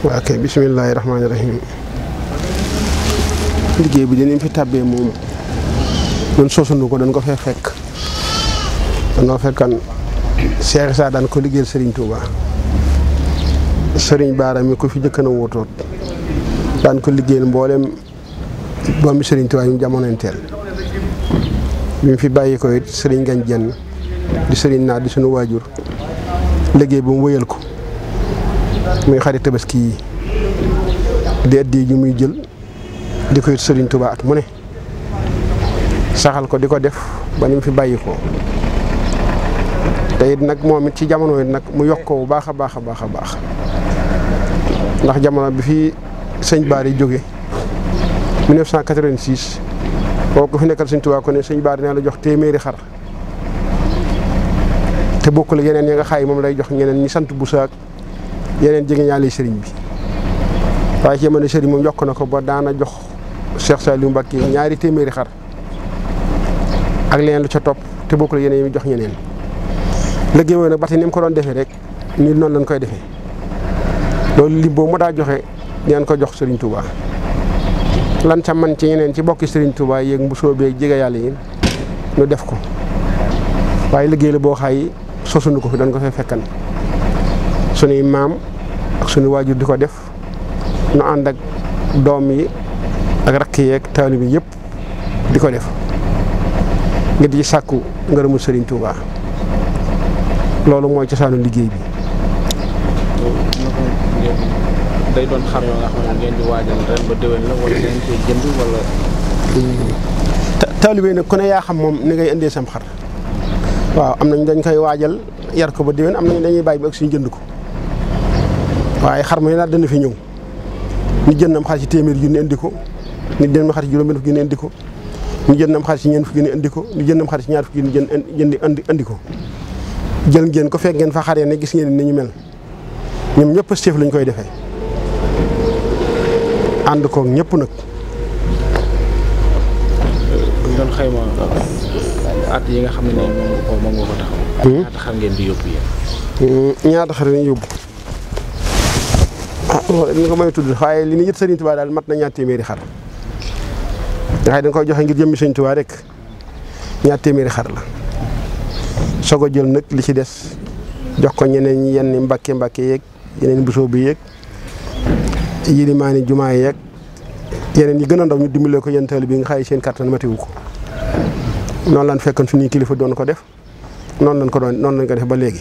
waa kay bismillaahi rahmaani rahim liggéey bi dinañ fi tàbbee moom ñun sosunu ko dañ ko fee fekk danoo fekkan Cheikh Issa daan ko liggéeyal Serigne Touba sëriñ Baara mi ko fi njëkk na wóotoot daan ko liggéeyal mboolem doomi Serigne Touba yi mu jamononteel bi mu fi bàyyi ko it Serigne Ngagne di sëriñ naa di sunu waajur liggéey bu mu wëyal ko. muy xari tabaski yi di addi ñu muy jël di koy yit Sëriñ Tuubaa at mu ne saxal ko di ko def ba ni mu fi bàyyi ko te it nag moom it ci jamono it nag mu yokk ko bu baax a baax a baax a baax ndax jamono bi fi sëñ baar Baari jóge 1986 boo ko fi nekkal sëñ Tuubaa ko ne sëñ Baari naa la jox téeméeri xar te bokkul yeneen yi nga xaay moom lay jox ñeneen ñi sant bu saak yeneen jege ñaale sëriñ bi waaye ci jamono sëriñ moom yokk na ko ba daana jox Cheikh Saliou Mbacké ñaari téeméeri xar ak leneen lu ca topp te bokkul yeneen yi mu jox ñeneen léegi mooy nag ba tey ni mu ko doon defee rek nii noonu lañ koy defee loolu lim boobu mu daa joxe dinañ ko jox sëriñ Touba. lan ca man ci ñeneen ci bokki sëriñ Touba yeeg mu soobee jege yàlla yi ñu def ko waaye liggéey la boo xaay sosuñu ko fi doon ko fee fekkan. sunuy maam ak sunu waajur di ko def nu ànd ak doom yi ak rakk yeeg taalib yi yëpp di ko def nga di sàkku ngërëmu Sëriñ Tuuba loolu mooy cosaanu liggéey bi. day doon xar yoo nga xam ne ngeen nag ku ne yaa xam moom ni ngay indee sam xar waaw am nañ dañ koy waajal yar ko ba déwén am nañ dañuy bàyyi ba ak suñu jënd ko. waaye xar mu ne naat dana fi ñëw ñu jënd am xar ci téeméer yu ne indi ko ñu jënd am xar ci juróom-benn fukki yu ne indi ko ñu jënd am xar ci ñeent fukki yu ne indi ko ñu jënd am xar ci ñaar fukki ngeen ko fekk ngeen fa xaree ne gis ngeen ni ñu mel ñëpp chef lañ koy defee ànd koog nag. bu xayma at ne moom hmm? ñaata xar ngeen di yóbbu hmm, yóbbu. loolu dañ ko may tudd waaye li ñu yët Sëriñ Tuubaa daal mat na ñaar téeméeri xar waaye dañ koy joxe ngir jëmm Sëriñ Tuubaa rek ñaar téeméeri xar la soog a jël nag li ci des jox ko ñeneen yenn mbàkke mbàkke yeeg yeneen busoo bi yeeg yilimaani jumaa yeeg yeneen yi gën a ndaw ñu dimbale ko yenn taal bi nga xaye seen kattan matiwu ko noonu lan fekkoon suñuy kilifa doon ko def noonu lañ ko doon noonu lañ ko def ba léegi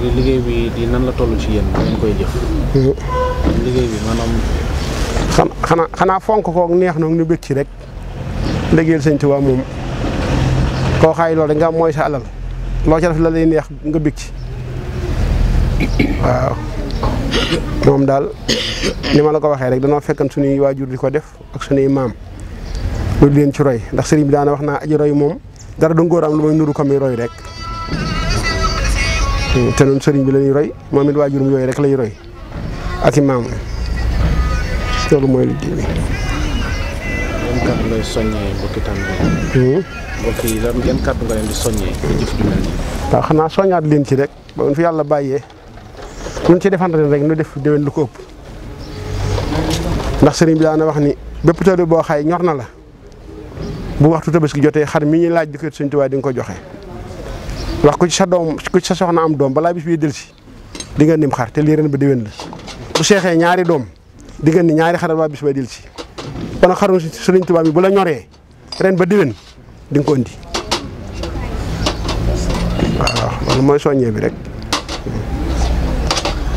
liggéey bi di nan la tollu ci yéen ngeen koy jëf. liggéey xanaa xanaa fonk koog neex na ñu bëgg ci rek liggéeyal sëñ Tuubaa moom koo xaay loolu nga mooy sa alal loo ca def la lay neex nga bëgg ci waaw. moom daal ni ma la ko waxee rek danoo fekkan suñuy waajur di ko def ak suñuy maam lu leen ci roy ndax sëriñ bi daana wax naa aji roy moom dara du ngóor am lu may nuru ko roy rek. te noonu sëriñ bi lañuy ñuy roy moom it waajurum yooyu rek la ñuy roy ak i maam loolu mooy liggéey bi. yan kàddu ngay soññee mbokki tàmbali. Hmm? mbokk yi lan yan kàddu nga leen di soññee ci waaw xanaa soññaat leen ci rek ba yàlla bàyyee lu ci defante rek nu def déwén lu ko ëpp ndax sëriñ bi daana wax ni bépp tëdd boo xay ñor na la bu waxtu tabaski jotee xar mi ñuy laaj di ko Sëriñ Tuubaa di ko joxe. wax ku ci sa doom ku ci sa soxna am doom balaa bis biy dellu si di nga nim xar te lii ren ba déwén la bu seexee ñaari doom di nga ni ñaari xar balaa bis bay dellu si kon xarum Sëriñ Tuubaa bi bu la ñoree ren ba déwén di nga ko indi waaw loolu mooy soññee bi rek.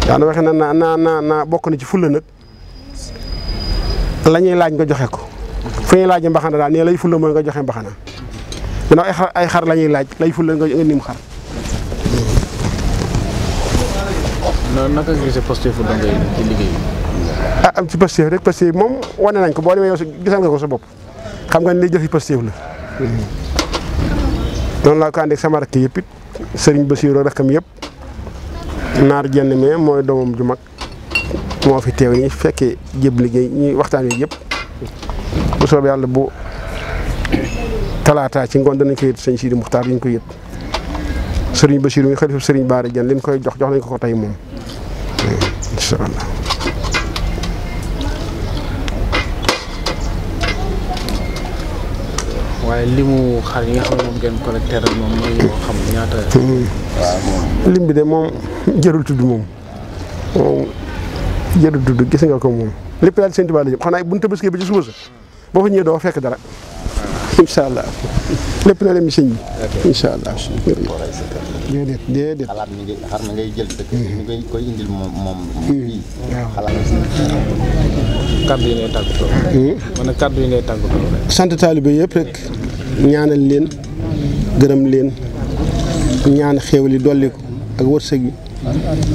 daana waxe na na na na bokk na ci fulla nag lañuy laaj nga joxe ko fu ñuy laaj mbaxana daal nee lay fulla mooy nga joxe mbaxana ginnaaw ay xar ay xar la laaj lay ful la nga nim xar. na naka nga gisee Pastef da ngay ci liggéey ah am ci Pastef rek Pastef moom wane nañ ko boo demee yow nga ko sa bopp xam nga ni jëfi Pastef la. noonu laa ko ànd ak sama rakk yëpp it Serigne Bassirou rakkam yëpp naar jenn mais mooy doomam ju mag moo fi teew nii fekkee jëb liggéey ñuy waxtaan yooyu yëpp bu soobee yàlla bu. talaata ci ngoon danañ ko yët sëñ Sidi Muxtaar yi ñu ko yët sëriñ Bachir mi xalifa sëriñ Baara Diagne li ñu koy jox jox nañ limu xar yi nga xam ne moom ngeen hmm. lim bi de moom jërul tudd moom moom jërul tudd gis nga ko moom lépp daal di seen tubaab la jëm xanaa bu ñu ba ci suba sa boo fa ñëwee doo fekk dara. incha allah lépp na dem sëñ jël sa kër mi ngay koy indil moom moom hmm. fii xalaat kaddu hmm? sant taalibe yëpp rek ñaanal leen gërëm leen ñaan xéewal yi dolli ko ak wërsëg yi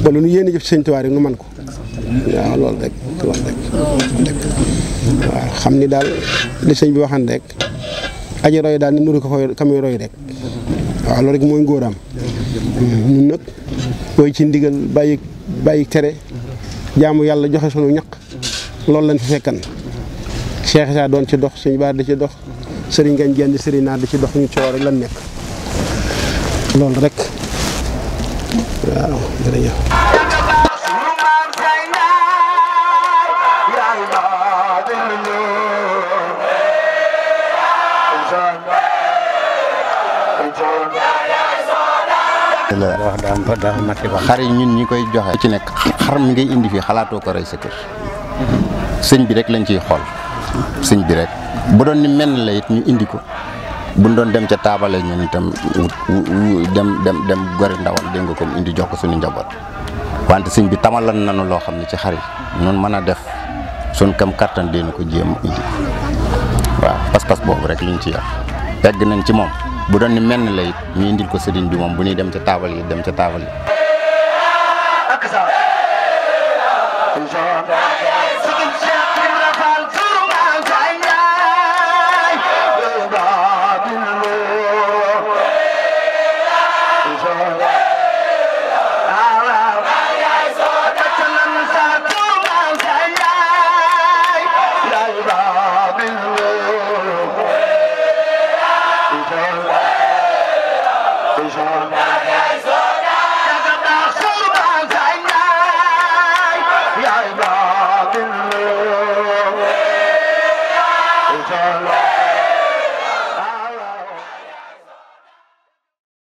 ba nu yéene jëf sëñ Tuubaa rek nu man ko waaw loolu rek waaw xam ni daal li sëñ bi waxan rek aji roy daal ni nuru ko fa kamuy roy rek waaw loolu rek mooy ngóoraam ñun nag booy ci ndigal bàyyi bàyyi tere jaamu yàlla joxe sunu ñaq loolu lañ fi fekkan Cheikh Issa doon ci dox suñu baar di ci dox sëriñ ngañ genn sëriñ naa di ci dox ñu coor rek lan nekk loolu rek xar yi ñun ñi koy joxe ci nekk xar mi ngay indi fii xalaatoo ko rey sa kër sëñ bi rek lañ ciy xool sëñ bi rek bu doon ni menn la it ñu indi ko buñ doon dem ca taabale ñun itam dem dem dem gori ndawal dégg nga ko indi jox ko suñu njaboot wante sëñ bi tamalan nanu loo xam ne ci xar yi noonu mën a def suñ kam kattan dina ko jéem indi waaw pas-pas boobu rek liñ ci yàq egg nañ ci moom bu doon ni menn la it ñu indil ko sëriñ bi moom bu ñuy dem ca taabal yi dem ca taabal yi.